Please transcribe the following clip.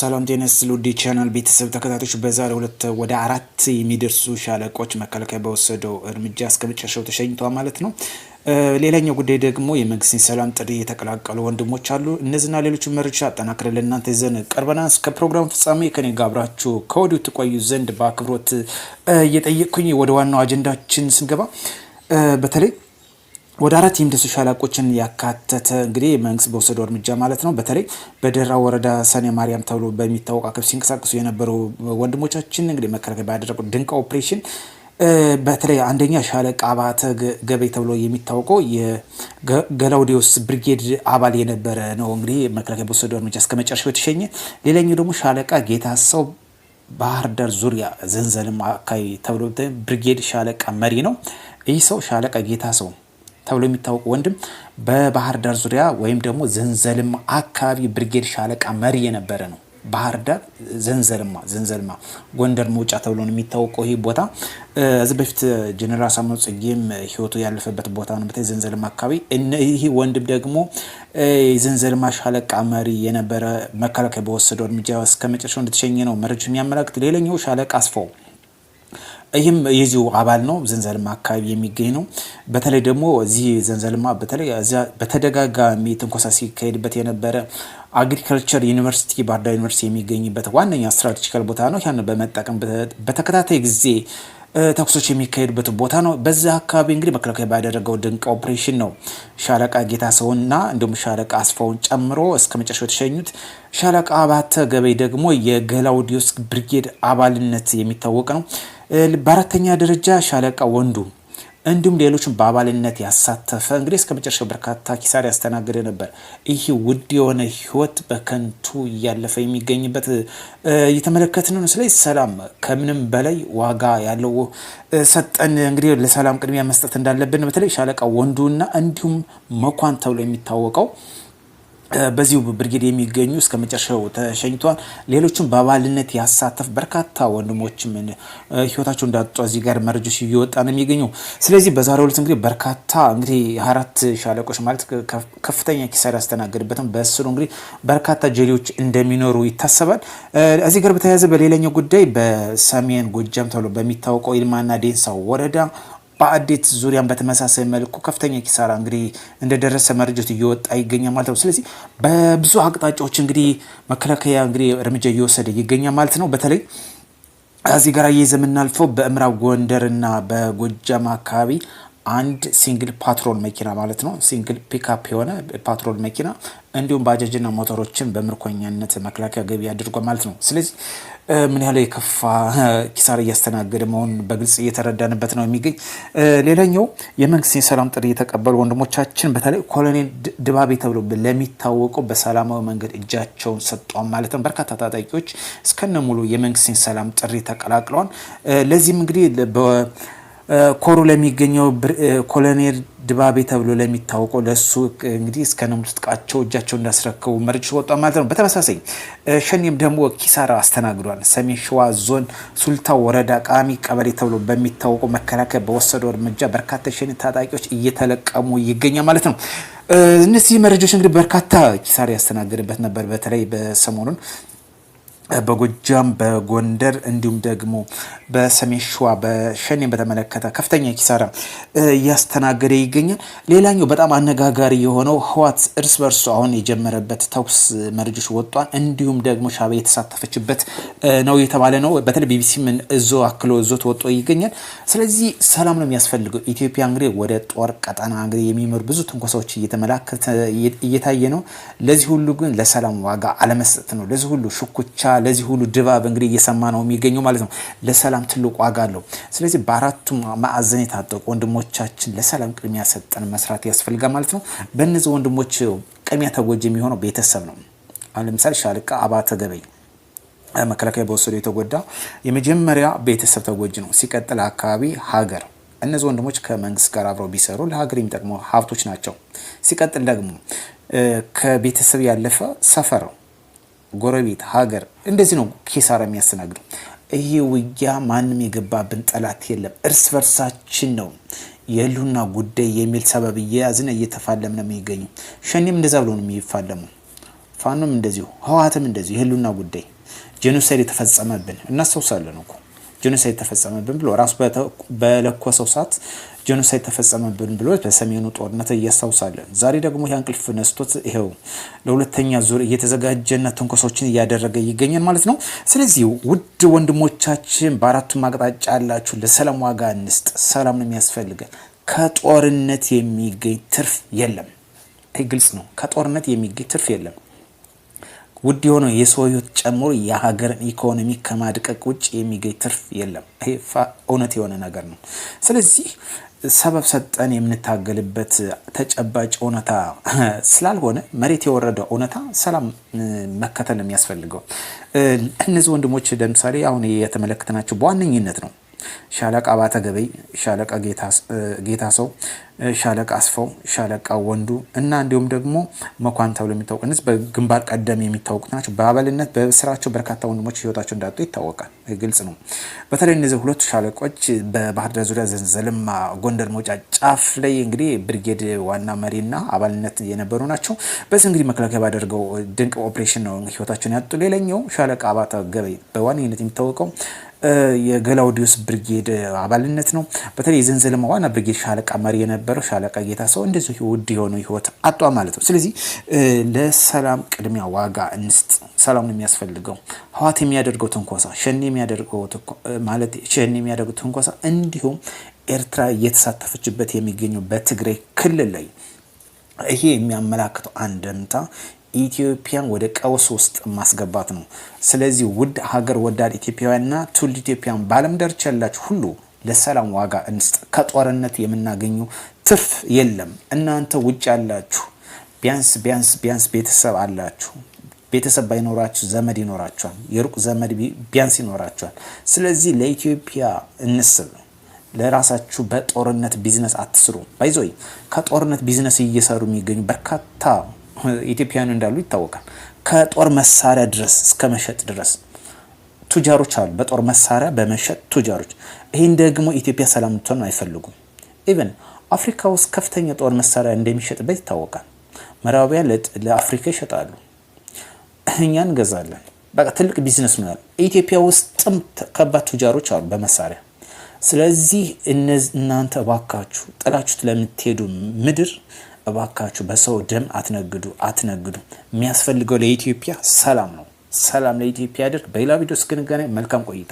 ሰላም ጤና ስል ውድ ቻናል ቤተሰብ ተከታታዮች በዛሬ ሁለት ወደ አራት የሚደርሱ ሻለቆች መከላከያ በወሰደው እርምጃ እስከ መጨረሻው ተሸኝቷ ማለት ነው። ሌላኛው ጉዳይ ደግሞ የመንግስትን ሰላም ጥሪ የተቀላቀሉ ወንድሞች አሉ። እነዚህና ሌሎች መረጃ አጠናክረ ለእናንተ ይዘን ቀርበና እስከ ፕሮግራም ፍጻሜ ከኔ ጋር አብራችሁ ከወዲሁ ትቆዩ ዘንድ በአክብሮት እየጠየቅኩኝ ወደ ዋናው አጀንዳችን ስንገባ በተለይ ወደ አራት የምድብ ሻለቆችን ያካተተ እንግዲህ መንግስት በወሰደው እርምጃ ማለት ነው። በተለይ በደራ ወረዳ ሰኔ ማርያም ተብሎ በሚታወቅ አካባቢ ሲንቀሳቀሱ የነበሩ ወንድሞቻችን እንግዲህ መከላከያ ባደረጉት ድንቅ ኦፕሬሽን በተለይ አንደኛ ሻለቃ አባተ ገበይ ተብሎ የሚታወቀው የገላውዲዮስ ብሪጌድ አባል የነበረ ነው። እንግዲህ መከላከያ በወሰደው እርምጃ እስከ መጨረሻው የተሸኘ። ሌላኛው ደግሞ ሻለቃ ጌታ ሰው ባህር ዳር ዙሪያ ዘንዘልም አካባቢ ተብሎ ብሪጌድ ሻለቃ መሪ ነው። ይህ ሰው ሻለቃ ጌታ ሰው ተብሎ የሚታወቁ ወንድም በባህር ዳር ዙሪያ ወይም ደግሞ ዘንዘልማ አካባቢ ብርጌድ ሻለቃ መሪ የነበረ ነው። ባህር ዳር ዘንዘልማ ዘንዘልማ ጎንደር መውጫ ተብሎ ነው የሚታወቀው ይህ ቦታ። እዚህ በፊት ጀኔራል ሳሙኤል ጽጌም ህይወቱ ያለፈበት ቦታ ነው። በተለይ ዘንዘልማ አካባቢ ይህ ወንድም ደግሞ የዘንዘልማ ሻለቃ መሪ የነበረ መከላከያ በወሰደው እርምጃ እስከ መጨረሻው እንደተሸኘ ነው መረጃ የሚያመላክት። ሌላኛው ሻለቃ አስፋው ይህም የዚሁ አባል ነው። ዘንዘልማ አካባቢ የሚገኝ ነው። በተለይ ደግሞ እዚህ ዘንዘልማ በተለይ በተደጋጋሚ ትንኮሳ ሲካሄድበት የነበረ አግሪካልቸር ዩኒቨርሲቲ ባህርዳር ዩኒቨርሲቲ የሚገኝበት ዋነኛ ስትራቴጂካል ቦታ ነው። ያን በመጠቀም በተከታታይ ጊዜ ተኩሶች የሚካሄዱበት ቦታ ነው። በዛ አካባቢ እንግዲህ መከላከያ ባደረገው ድንቅ ኦፕሬሽን ነው ሻለቃ ሰውና እንዲሁም ሻለቃ አስፋውን ጨምሮ እስከ መጨረሻው የተሸኙት። ሻለቃ አባተ ገበይ ደግሞ የገላውዲዮስ ብሪጌድ አባልነት የሚታወቅ ነው። በአራተኛ ደረጃ ሻለቃ ወንዱ እንዲሁም ሌሎችን በአባልነት ያሳተፈ እንግዲህ እስከ መጨረሻው በርካታ ኪሳራ ያስተናገደ ነበር። ይህ ውድ የሆነ ህይወት በከንቱ እያለፈ የሚገኝበት እየተመለከት ነው። ስለዚህ ሰላም ከምንም በላይ ዋጋ ያለው ሰጠን። እንግዲህ ለሰላም ቅድሚያ መስጠት እንዳለብን በተለይ ሻለቃ ወንዱና እንዲሁም መኳን ተብሎ የሚታወቀው በዚሁ ብርጌድ የሚገኙ እስከ መጨረሻው ተሸኝቷል። ሌሎችም በአባልነት ያሳተፍ በርካታ ወንድሞችም ህይወታቸው እንዳጡ እዚህ ጋር መረጃዎች እየወጣ ነው የሚገኘው። ስለዚህ በዛሬው ዕለት እንግዲህ በርካታ እንግዲህ አራት ሻለቆች ማለት ከፍተኛ ኪሳራ ያስተናገድበትም በስሩ እንግዲህ በርካታ ጀሌዎች እንደሚኖሩ ይታሰባል። እዚህ ጋር በተያያዘ በሌላኛው ጉዳይ በሰሜን ጎጃም ተብሎ በሚታወቀው ይልማና ዴንሳ ወረዳ በአዴት ዙሪያን በተመሳሳይ መልኩ ከፍተኛ ኪሳራ እንግዲህ እንደደረሰ መረጃት እየወጣ ይገኛል ማለት ነው። ስለዚህ በብዙ አቅጣጫዎች እንግዲህ መከላከያ እንግዲህ እርምጃ እየወሰደ ይገኛል ማለት ነው። በተለይ እዚህ ጋር እየዘ በምዕራብ ጎንደርና በጎጃም አካባቢ አንድ ሲንግል ፓትሮል መኪና ማለት ነው፣ ሲንግል ፒካፕ የሆነ ፓትሮል መኪና እንዲሁም ባጃጅና ሞተሮችን በምርኮኛነት መከላከያ ገቢ አድርጎ ማለት ነው። ስለዚህ ምን ያህል የከፋ ኪሳር እያስተናገደ መሆኑን በግልጽ እየተረዳንበት ነው የሚገኝ። ሌላኛው የመንግስት የሰላም ጥሪ የተቀበሉ ወንድሞቻችን በተለይ ኮሎኔል ድባቤ ተብሎ ለሚታወቁ በሰላማዊ መንገድ እጃቸውን ሰጧን ማለት ነው። በርካታ ታጣቂዎች እስከነ ሙሉ የመንግስት ሰላም ጥሪ ተቀላቅለዋል። ለዚህም እንግዲህ ኮሩ ለሚገኘው ኮሎኔል ድባቤ ተብሎ ለሚታወቀው ለሱ እንግዲህ እስከ ነሙስ ትጥቃቸው እጃቸው እንዳስረከቡ መረጃ ወጣ ማለት ነው። በተመሳሳይ ሸኔም ደግሞ ኪሳራ አስተናግዷል። ሰሜን ሸዋ ዞን ሱልታ ወረዳ ቃሚ ቀበሌ ተብሎ በሚታወቀው መከላከያ በወሰደው እርምጃ በርካታ ሸኔ ታጣቂዎች እየተለቀሙ ይገኛል ማለት ነው። እነዚህ መረጃዎች እንግዲህ በርካታ ኪሳራ ያስተናገድበት ነበር። በተለይ በሰሞኑን በጎጃም በጎንደር እንዲሁም ደግሞ በሰሜን ሸዋ በሸኔ በተመለከተ ከፍተኛ ኪሳራ እያስተናገደ ይገኛል። ሌላኛው በጣም አነጋጋሪ የሆነው ህዋት እርስ በርሱ አሁን የጀመረበት ተኩስ መረጃዎች ወጧል። እንዲሁም ደግሞ ሻዕቢያ የተሳተፈችበት ነው የተባለ ነው። በተለይ ቢቢሲ ምን እዞ አክሎ እዞ ተወጦ ይገኛል። ስለዚህ ሰላም ነው የሚያስፈልገው። ኢትዮጵያ እንግዲህ ወደ ጦር ቀጠና እንግዲህ የሚመሩ ብዙ ትንኮሳዎች እየተመላከተ እየታየ ነው። ለዚህ ሁሉ ግን ለሰላም ዋጋ አለመስጠት ነው። ለዚህ ሁሉ ሽኩቻ ለዚህ ሁሉ ድባብ እንግዲህ እየሰማ ነው የሚገኘው ማለት ነው። ለሰላም ትልቅ ዋጋ አለው። ስለዚህ በአራቱም ማዕዘን የታጠቁ ወንድሞቻችን ለሰላም ቅድሚያ ሰጠን መስራት ያስፈልጋል ማለት ነው። በእነዚህ ወንድሞች ቅድሚያ ተጎጂ የሚሆነው ቤተሰብ ነው። አሁን ለምሳሌ ሻለቃ አባተ ገበይ መከላከያ በወሰዱ የተጎዳ የመጀመሪያ ቤተሰብ ተጎጂ ነው። ሲቀጥል አካባቢ፣ ሀገር እነዚህ ወንድሞች ከመንግስት ጋር አብረው ቢሰሩ ለሀገር የሚጠቅሙ ሀብቶች ናቸው። ሲቀጥል ደግሞ ከቤተሰብ ያለፈ ሰፈር ጎረቤት፣ ሀገር እንደዚህ ነው ኪሳራ የሚያስተናግደው። ይሄ ውጊያ ማንም የገባብን ጠላት የለም፣ እርስ በርሳችን ነው የህልውና ጉዳይ የሚል ሰበብ እየያዝን እየተፋለም ነው የሚገኙ። ሸኔም እንደዛ ብሎ ነው የሚፋለሙ፣ ፋኖም እንደዚሁ፣ ህወሓትም እንደዚሁ የህልውና ጉዳይ ጄኖሳይድ የተፈጸመብን እናስታውሳለን እኮ ጄኖሳይድ ተፈጸመብን ብሎ ራሱ በለኮሰው ሰዓት ጄኖሳይድ ተፈጸመብን ብሎ በሰሜኑ ጦርነት እያስታውሳለን። ዛሬ ደግሞ ይህ ነስቶት ይኸው ለሁለተኛ ዙር እየተዘጋጀና ተንኮሶችን እያደረገ ይገኛል ማለት ነው። ስለዚህ ውድ ወንድሞቻችን በአራቱም አቅጣጫ ያላችሁ ለሰላም ዋጋ እንስጥ። ሰላም ነው የሚያስፈልገን። ከጦርነት የሚገኝ ትርፍ የለም። ይህ ግልጽ ነው። ከጦርነት የሚገኝ ትርፍ የለም። ውድ የሆነው የሰው ህይወት ጨምሮ የሀገርን ኢኮኖሚ ከማድቀቅ ውጭ የሚገኝ ትርፍ የለም። ይሄ እውነት የሆነ ነገር ነው። ስለዚህ ሰበብ ሰጠን የምንታገልበት ተጨባጭ እውነታ ስላልሆነ መሬት የወረደው እውነታ ሰላም መከተል የሚያስፈልገው እነዚህ ወንድሞች ለምሳሌ አሁን የተመለከትናቸው በዋነኝነት ነው ሻለቃ አባተ ገበይ፣ ሻለቃ ጌታ ሰው፣ ሻለቃ አስፋው፣ ሻለቃ ወንዱ እና እንዲሁም ደግሞ መኳን ተብሎ የሚታወቅ እነዚህ በግንባር ቀደም የሚታወቁት ናቸው። በአባልነት በስራቸው በርካታ ወንድሞች ህይወታቸው እንዳጡ ይታወቃል። ግልጽ ነው። በተለይ እነዚህ ሁለቱ ሻለቆች በባህር ዳር ዙሪያ ዘንዘልማ፣ ጎንደር መውጫ ጫፍ ላይ እንግዲህ ብርጌድ ዋና መሪና አባልነት የነበሩ ናቸው። በዚህ እንግዲህ መከላከያ ባደርገው ድንቅ ኦፕሬሽን ነው ህይወታቸውን ያጡ። ሌላኛው ሻለቃ አባተ ገበይ በዋነኝነት የሚታወቀው የገላውዲዮስ ብርጌድ አባልነት ነው። በተለይ የዘንዘልማ ዋና ብርጌድ ሻለቃ መሪ የነበረው ሻለቃ ጌታ ሰው እንደዚሁ ውድ የሆነው ህይወት አጧ ማለት ነው። ስለዚህ ለሰላም ቅድሚያ ዋጋ እንስጥ። ሰላም የሚያስፈልገው ህዋት የሚያደርገው ትንኮሳ፣ ሸኔ የሚያደርገው ማለት ሸኔ የሚያደርገው ትንኮሳ እንዲሁም ኤርትራ እየተሳተፈችበት የሚገኘው በትግራይ ክልል ላይ ይሄ የሚያመላክተው አንድምታ ኢትዮጵያን ወደ ቀውስ ውስጥ ማስገባት ነው። ስለዚህ ውድ ሀገር ወዳድ ኢትዮጵያውያንና ትውልድ ኢትዮጵያን በዓለም ዳርቻ ያላችሁ ሁሉ ለሰላም ዋጋ እንስጥ። ከጦርነት የምናገኙ ትርፍ የለም። እናንተ ውጭ ያላችሁ ቢያንስ ቢያንስ ቢያንስ ቤተሰብ አላችሁ። ቤተሰብ ባይኖራችሁ ዘመድ ይኖራችኋል። የሩቅ ዘመድ ቢያንስ ይኖራችኋል። ስለዚህ ለኢትዮጵያ እንስብ። ለራሳችሁ በጦርነት ቢዝነስ አትስሩ። ባይዞይ ከጦርነት ቢዝነስ እየሰሩ የሚገኙ በርካታ ኢትዮጵያውያን እንዳሉ ይታወቃል። ከጦር መሳሪያ ድረስ እስከ መሸጥ ድረስ ቱጃሮች አሉ። በጦር መሳሪያ በመሸጥ ቱጃሮች። ይህን ደግሞ ኢትዮጵያ ሰላም እንድትሆን አይፈልጉም። ኢቨን አፍሪካ ውስጥ ከፍተኛ ጦር መሳሪያ እንደሚሸጥበት ይታወቃል። ምዕራባውያ ለአፍሪካ ይሸጣሉ፣ እኛ እንገዛለን። በቃ ትልቅ ቢዝነስ ነው ያለው። ኢትዮጵያ ውስጥም ከባድ ቱጃሮች አሉ በመሳሪያ ስለዚህ እናንተ ባካችሁ ጥላችሁት ለምትሄዱ ምድር እባካችሁ በሰው ደም አትነግዱ አትነግዱ። የሚያስፈልገው ለኢትዮጵያ ሰላም ነው። ሰላም ለኢትዮጵያ ያድርግ። በሌላ ቪዲዮ እስክንገናኝ መልካም ቆይታ